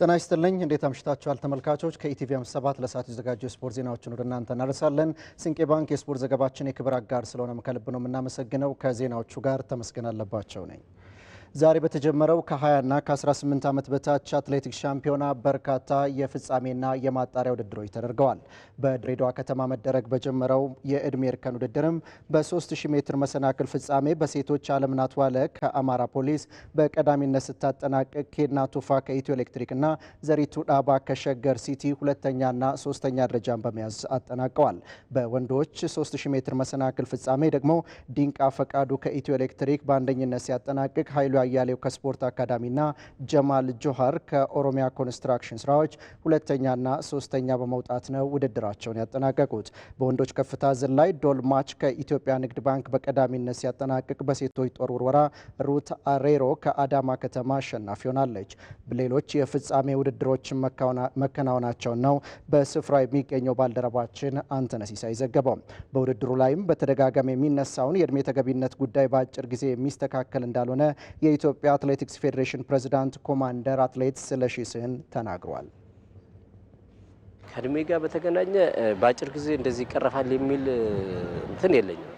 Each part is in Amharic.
ጤና ይስጥልኝ። እንዴት አምሽታችኋል ተመልካቾች? ከኢቲቪ 57 ለሰዓቱ የተዘጋጁ የስፖርት ዜናዎችን ወደ እናንተ እናደርሳለን። ስንቄ ባንክ የስፖርት ዘገባችን የክብር አጋር ስለሆነ ከልብ ነው የምናመሰግነው። ከዜናዎቹ ጋር ተመስገን አለባቸው ነኝ። ዛሬ በተጀመረው ከ20ና ከ18 ዓመት በታች አትሌቲክስ ሻምፒዮና በርካታ የፍጻሜና የማጣሪያ ውድድሮች ተደርገዋል። በድሬዳዋ ከተማ መደረግ በጀመረው የዕድሜ እርከን ውድድርም በ3000 ሜትር መሰናክል ፍጻሜ በሴቶች አለምናት ዋለ ከአማራ ፖሊስ በቀዳሚነት ስታጠናቅቅ፣ ኬና ቱፋ ከኢትዮ ኤሌክትሪክና ዘሪቱ ዳባ ከሸገር ሲቲ ሁለተኛና ሶስተኛ ደረጃን በመያዝ አጠናቀዋል። በወንዶች 3000 ሜትር መሰናክል ፍጻሜ ደግሞ ዲንቃ ፈቃዱ ከኢትዮ ኤሌክትሪክ በአንደኝነት ሲያጠናቅቅ ኃይሉ አያሌው ከስፖርት አካዳሚና ጀማል ጆሀር ከኦሮሚያ ኮንስትራክሽን ስራዎች ሁለተኛና ሶስተኛ በመውጣት ነው ውድድራቸውን ያጠናቀቁት። በወንዶች ከፍታ ዝላይ ዶልማች ከኢትዮጵያ ንግድ ባንክ በቀዳሚነት ሲያጠናቅቅ፣ በሴቶች ጦር ውርወራ ሩት አሬሮ ከአዳማ ከተማ አሸናፊ ሆናለች። ሌሎች የፍጻሜ ውድድሮችን መከናወናቸውን ነው በስፍራ የሚገኘው ባልደረባችን አንተነሲሳ ይዘገበው። በውድድሩ ላይም በተደጋጋሚ የሚነሳውን የእድሜ ተገቢነት ጉዳይ በአጭር ጊዜ የሚስተካከል እንዳልሆነ የኢትዮጵያ አትሌቲክስ ፌዴሬሽን ፕሬዝዳንት ኮማንደር አትሌት ስለሺ ስህን ተናግሯል። ከእድሜ ጋር በተገናኘ በአጭር ጊዜ እንደዚህ ይቀረፋል የሚል እንትን የለኝም።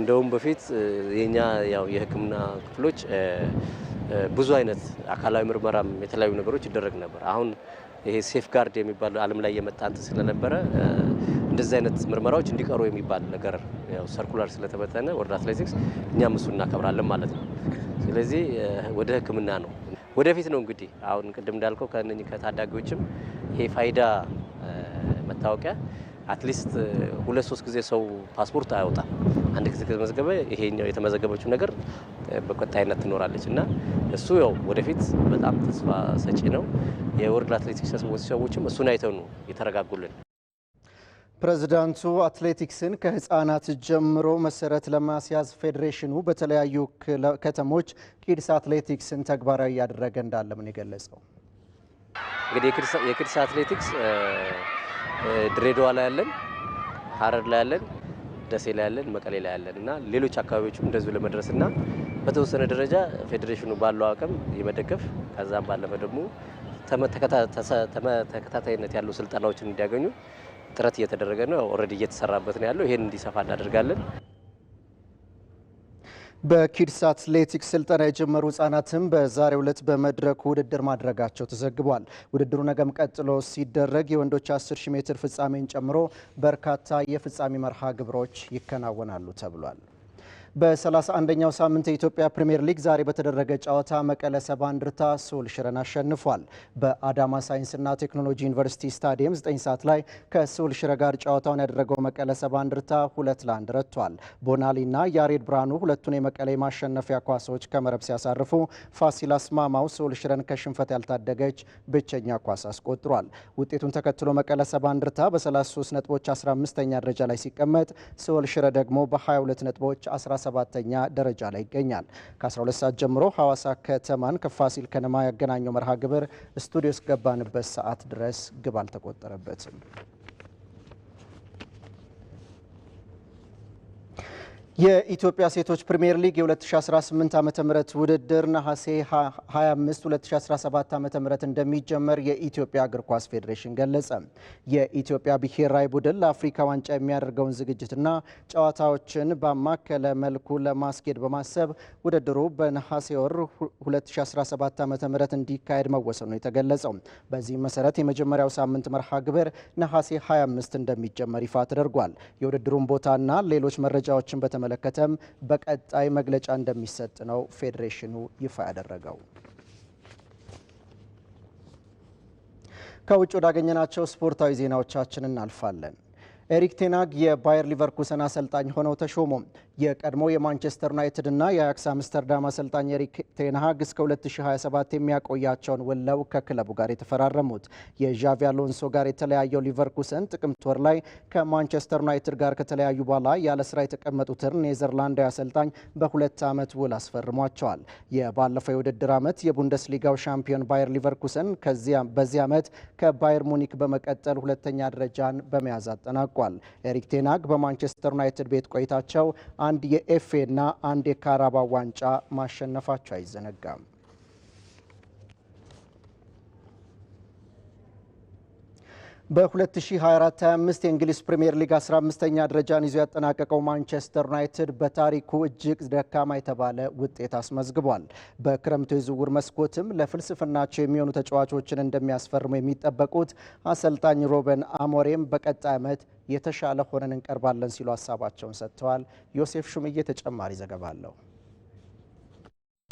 እንደውም በፊት የኛ ያው የሕክምና ክፍሎች ብዙ አይነት አካላዊ ምርመራም የተለያዩ ነገሮች ይደረግ ነበር። አሁን ይሄ ሴፍ ጋርድ የሚባለው ዓለም ላይ የመጣ እንትን ስለነበረ እንደዚህ አይነት ምርመራዎች እንዲቀሩ የሚባል ነገር ሰርኩላር ስለተበተነ ወረዳ አትሌቲክስ እኛም እሱ እናከብራለን ማለት ነው። ስለዚህ ወደ ሕክምና ነው ወደፊት ነው እንግዲህ አሁን ቅድም እንዳልከው ከእነኚህ ከታዳጊዎችም ይሄ ፋይዳ መታወቂያ አትሊስት ሁለት ሶስት ጊዜ ሰው ፓስፖርት አያወጣም። አንድ ጊዜ ከተመዘገበ ይሄኛው የተመዘገበችው ነገር በቀጣይነት ትኖራለች እና እሱ ያው ወደፊት በጣም ተስፋ ሰጪ ነው። የወርልድ አትሌቲክስ ሰዎችም እሱን አይተው ነው የተረጋጉልን። ፕሬዝዳንቱ አትሌቲክስን ከህፃናት ጀምሮ መሰረት ለማስያዝ ፌዴሬሽኑ በተለያዩ ከተሞች ኪድስ አትሌቲክስን ተግባራዊ እያደረገ እንዳለምን የገለጸው። እንግዲህ የኪድስ አትሌቲክስ ድሬዳዋ ላይ ያለን፣ ሀረር ላይ ያለን፣ ደሴ ላይ ያለን፣ መቀሌ ላይ ያለን እና ሌሎች አካባቢዎችም እንደዚሁ ለመድረስ እና በተወሰነ ደረጃ ፌዴሬሽኑ ባለው አቅም የመደገፍ ከዛም ባለፈ ደግሞ ተከታታይነት ያሉ ስልጠናዎችን እንዲያገኙ ጥረት እየተደረገ ነው። ኦልሬዲ እየተሰራበት ነው ያለው። ይሄን እንዲሰፋ እናደርጋለን። በኪድስ አትሌቲክስ ስልጠና የጀመሩ ህጻናትም በዛሬው ዕለት በመድረኩ ውድድር ማድረጋቸው ተዘግቧል። ውድድሩ ነገም ቀጥሎ ሲደረግ የወንዶች 10 ሺህ ሜትር ፍጻሜን ጨምሮ በርካታ የፍጻሜ መርሃ ግብሮች ይከናወናሉ ተብሏል። በ31ኛው ሳምንት የኢትዮጵያ ፕሪምየር ሊግ ዛሬ በተደረገ ጨዋታ መቀለ ሰባ እንደርታ ሶል ሽረን አሸንፏል። በአዳማ ሳይንስና ቴክኖሎጂ ዩኒቨርሲቲ ስታዲየም 9 ሰዓት ላይ ከሶል ሽረ ጋር ጨዋታውን ያደረገው መቀለ ሰባ እንደርታ ሁለት ለአንድ ረቷል። ቦናሊና ያሬድ ብርሃኑ ሁለቱን የመቀለ የማሸነፊያ ኳሶች ከመረብ ሲያሳርፉ ፋሲል አስማማው ሶል ሽረን ከሽንፈት ያልታደገች ብቸኛ ኳስ አስቆጥሯል። ውጤቱን ተከትሎ መቀለ ሰባ እንደርታ በ33 ነጥቦች 15ኛ ደረጃ ላይ ሲቀመጥ ሶል ሽረ ደግሞ በ22 ነጥቦች 17 ተኛ ደረጃ ላይ ይገኛል። ከ12 ሰዓት ጀምሮ ሐዋሳ ከተማን ከፋሲል ከነማ ያገናኘው መርሃ ግብር ስቱዲዮ እስከገባንበት ሰዓት ድረስ ግብ አልተቆጠረበትም። የኢትዮጵያ ሴቶች ፕሪምየር ሊግ የ2018 ዓ ም ውድድር ነሐሴ 25 2017 ዓ ም እንደሚጀመር የኢትዮጵያ እግር ኳስ ፌዴሬሽን ገለጸ። የኢትዮጵያ ብሔራዊ ቡድን ለአፍሪካ ዋንጫ የሚያደርገውን ዝግጅትና ጨዋታዎችን ባማከለ መልኩ ለማስኬድ በማሰብ ውድድሩ በነሐሴ ወር 2017 ዓ ም እንዲካሄድ መወሰኑ የተገለጸው። በዚህም መሰረት የመጀመሪያው ሳምንት መርሃ ግብር ነሐሴ 25 እንደሚጀመር ይፋ ተደርጓል። የውድድሩን ቦታና ሌሎች መረጃዎችን በተመለ በተመለከተም በቀጣይ መግለጫ እንደሚሰጥ ነው ፌዴሬሽኑ ይፋ ያደረገው። ከውጭ ወዳገኘናቸው ስፖርታዊ ዜናዎቻችን እናልፋለን። ኤሪክ ቴናግ የባየር ሊቨርኩሰን አሰልጣኝ ሆነው ተሾሙ። የቀድሞ የማንቸስተር ዩናይትድ እና የአያክስ አምስተርዳም አሰልጣኝ ኤሪክ ቴንሃግ እስከ 2027 የሚያቆያቸውን ውለው ከክለቡ ጋር የተፈራረሙት የዣቪ አሎንሶ ጋር የተለያየው ሊቨርኩሰን ጥቅምት ወር ላይ ከማንቸስተር ዩናይትድ ጋር ከተለያዩ በኋላ ያለ ስራ የተቀመጡትን ኔዘርላንዳዊ አሰልጣኝ በሁለት ዓመት ውል አስፈርሟቸዋል። የባለፈው የውድድር ዓመት የቡንደስሊጋው ሻምፒዮን ባየር ሊቨርኩሰን በዚህ ዓመት ከባየር ሙኒክ በመቀጠል ሁለተኛ ደረጃን በመያዝ አጠናቋል። ኤሪክ ቴንሃግ በማንቸስተር ዩናይትድ ቤት ቆይታቸው አንድ የኤፍኤ እና አንድ የካራባ ዋንጫ ማሸነፋቸው አይዘነጋም። በ2024/25 የእንግሊዝ ፕሪምየር ሊግ 15ኛ ደረጃን ይዞ ያጠናቀቀው ማንቸስተር ዩናይትድ በታሪኩ እጅግ ደካማ የተባለ ውጤት አስመዝግቧል። በክረምቱ የዝውውር መስኮትም ለፍልስፍናቸው የሚሆኑ ተጫዋቾችን እንደሚያስፈርሙ የሚጠበቁት አሰልጣኝ ሮበን አሞሬም በቀጣይ ዓመት የተሻለ ሆነን እንቀርባለን ሲሉ ሀሳባቸውን ሰጥተዋል። ዮሴፍ ሹምዬ ተጨማሪ ዘገባ አለው።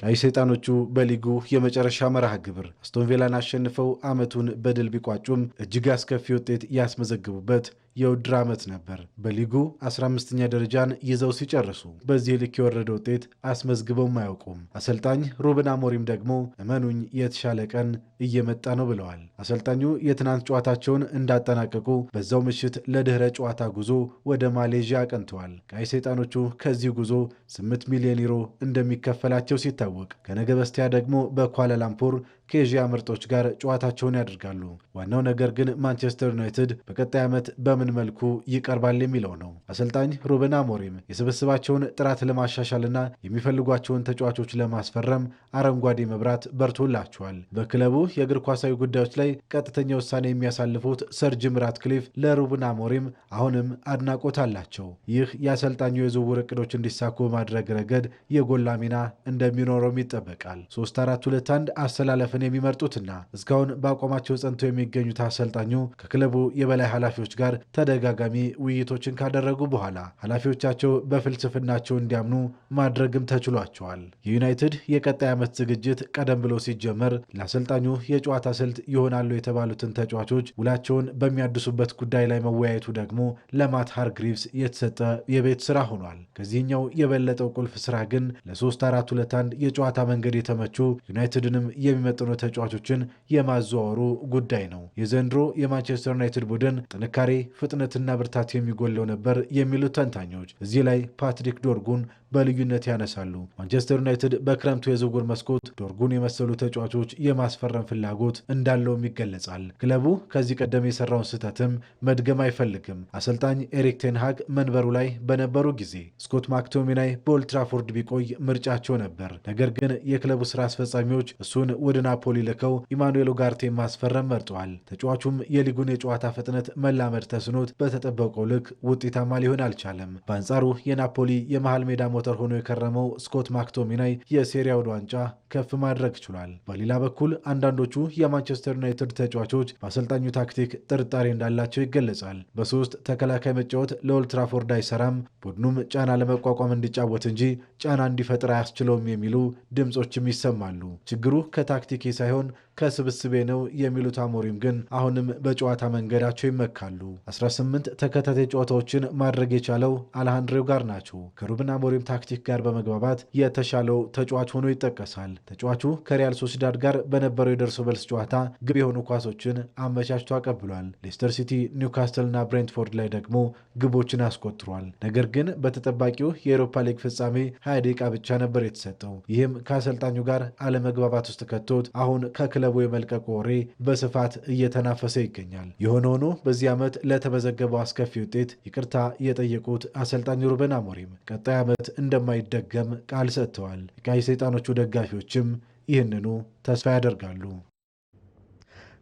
ቀይ ሰይጣኖቹ በሊጉ የመጨረሻ መርሃ ግብር አስቶንቬላን አሸንፈው ዓመቱን በድል ቢቋጩም እጅግ አስከፊ ውጤት ያስመዘግቡበት የውድድር ዓመት ነበር። በሊጉ 15ኛ ደረጃን ይዘው ሲጨርሱ በዚህ ልክ የወረደ ውጤት አስመዝግበውም አያውቁም። አሰልጣኝ ሩበን አሞሪም ደግሞ እመኑኝ የተሻለ ቀን እየመጣ ነው ብለዋል። አሰልጣኙ የትናንት ጨዋታቸውን እንዳጠናቀቁ በዛው ምሽት ለድኅረ ጨዋታ ጉዞ ወደ ማሌዥያ አቅንተዋል። ቀይ ሰይጣኖቹ ከዚህ ጉዞ 8 ሚሊዮን ዩሮ እንደሚከፈላቸው ሲታወቅ ከነገ በስቲያ ደግሞ በኳላላምፖር ከኤዥያ ምርጦች ጋር ጨዋታቸውን ያደርጋሉ። ዋናው ነገር ግን ማንቸስተር ዩናይትድ በቀጣይ ዓመት በምን መልኩ ይቀርባል የሚለው ነው። አሰልጣኝ ሩበን አሞሪም የስብስባቸውን ጥራት ለማሻሻልና የሚፈልጓቸውን ተጫዋቾች ለማስፈረም አረንጓዴ መብራት በርቶላቸዋል። በክለቡ የእግር ኳሳዊ ጉዳዮች ላይ ቀጥተኛ ውሳኔ የሚያሳልፉት ሰር ጂም ራትክሊፍ ለሩበን አሞሪም አሁንም አድናቆት አላቸው። ይህ የአሰልጣኙ የዝውውር እቅዶች እንዲሳኩ በማድረግ ረገድ የጎላ ሚና እንደሚኖረውም ይጠበቃል። 3 4 2 1 አሰላለፍን እናንተን የሚመርጡትና እስካሁን በአቋማቸው ጸንተው የሚገኙት አሰልጣኙ ከክለቡ የበላይ ኃላፊዎች ጋር ተደጋጋሚ ውይይቶችን ካደረጉ በኋላ ኃላፊዎቻቸው በፍልስፍናቸው እንዲያምኑ ማድረግም ተችሏቸዋል። የዩናይትድ የቀጣይ ዓመት ዝግጅት ቀደም ብሎ ሲጀመር ለአሰልጣኙ የጨዋታ ስልት ይሆናሉ የተባሉትን ተጫዋቾች ውላቸውን በሚያድሱበት ጉዳይ ላይ መወያየቱ ደግሞ ለማት ሃርግሪቭስ የተሰጠ የቤት ስራ ሆኗል። ከዚህኛው የበለጠው ቁልፍ ስራ ግን ለሶስት 4 ሁለት አንድ የጨዋታ መንገድ የተመቹ ዩናይትድንም የሚመጥኑ የሆኑ ተጫዋቾችን የማዘዋወሩ ጉዳይ ነው። የዘንድሮ የማንቸስተር ዩናይትድ ቡድን ጥንካሬ፣ ፍጥነትና ብርታት የሚጎለው ነበር የሚሉት ተንታኞች እዚህ ላይ ፓትሪክ ዶርጉን በልዩነት ያነሳሉ። ማንቸስተር ዩናይትድ በክረምቱ የዝውውር መስኮት ዶርጉን የመሰሉ ተጫዋቾች የማስፈረም ፍላጎት እንዳለውም ይገለጻል። ክለቡ ከዚህ ቀደም የሰራውን ስህተትም መድገም አይፈልግም። አሰልጣኝ ኤሪክ ቴንሃግ መንበሩ ላይ በነበሩ ጊዜ ስኮት ማክቶሚናይ በኦልትራፎርድ ቢቆይ ምርጫቸው ነበር። ነገር ግን የክለቡ ስራ አስፈጻሚዎች እሱን ወደ ናፖሊ ልከው ኢማኑኤል ኡጋርቴን ማስፈረም መርጠዋል። ተጫዋቹም የሊጉን የጨዋታ ፍጥነት መላመድ ተስኖት በተጠበቀው ልክ ውጤታማ ሊሆን አልቻለም። በአንጻሩ የናፖሊ የመሃል ሜዳ ሞተር ሆኖ የከረመው ስኮት ማክቶሚናይ የሴሪያውን ዋንጫ ከፍ ማድረግ ችሏል። በሌላ በኩል አንዳንዶቹ የማንቸስተር ዩናይትድ ተጫዋቾች በአሰልጣኙ ታክቲክ ጥርጣሬ እንዳላቸው ይገለጻል። በሶስት ተከላካይ መጫወት ለኦልትራፎርድ አይሰራም፣ ቡድኑም ጫና ለመቋቋም እንዲጫወት እንጂ ጫና እንዲፈጥር አያስችለውም የሚሉ ድምፆችም ይሰማሉ። ችግሩ ከታክቲኬ ሳይሆን ከስብስቤ ነው የሚሉት አሞሪም ግን አሁንም በጨዋታ መንገዳቸው ይመካሉ። 18 ተከታታይ ጨዋታዎችን ማድረግ የቻለው አልሃንድሬው ጋር ናቸው። ከሩብን አሞሪም ታክቲክ ጋር በመግባባት የተሻለው ተጫዋች ሆኖ ይጠቀሳል። ተጫዋቹ ከሪያል ሶሲዳድ ጋር በነበረው የደርሶ መልስ ጨዋታ ግብ የሆኑ ኳሶችን አመቻችቶ አቀብሏል። ሌስተር ሲቲ፣ ኒውካስትልና ብሬንትፎርድ ላይ ደግሞ ግቦችን አስቆጥሯል። ነገር ግን በተጠባቂው የአውሮፓ ሊግ ፍጻሜ ሀያ ደቂቃ ብቻ ነበር የተሰጠው። ይህም ከአሰልጣኙ ጋር አለመግባባት ውስጥ ከቶት አሁን ከክለቡ የመልቀቁ ወሬ በስፋት እየተናፈሰ ይገኛል። የሆነ ሆኖ በዚህ ዓመት ለተመዘገበው አስከፊ ውጤት ይቅርታ የጠየቁት አሰልጣኝ ሩበን አሞሪም ቀጣይ ዓመት እንደማይደገም ቃል ሰጥተዋል። የቃይ ሰይጣኖቹ ደጋፊዎችም ይህንኑ ተስፋ ያደርጋሉ።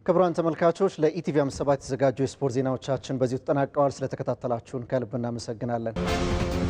ክቡራን ተመልካቾች ለኢቲቪ አምስት ሰባት የተዘጋጁ የስፖርት ዜናዎቻችን በዚሁ ተጠናቀዋል። ስለተከታተላችሁን ከልብ እናመሰግናለን።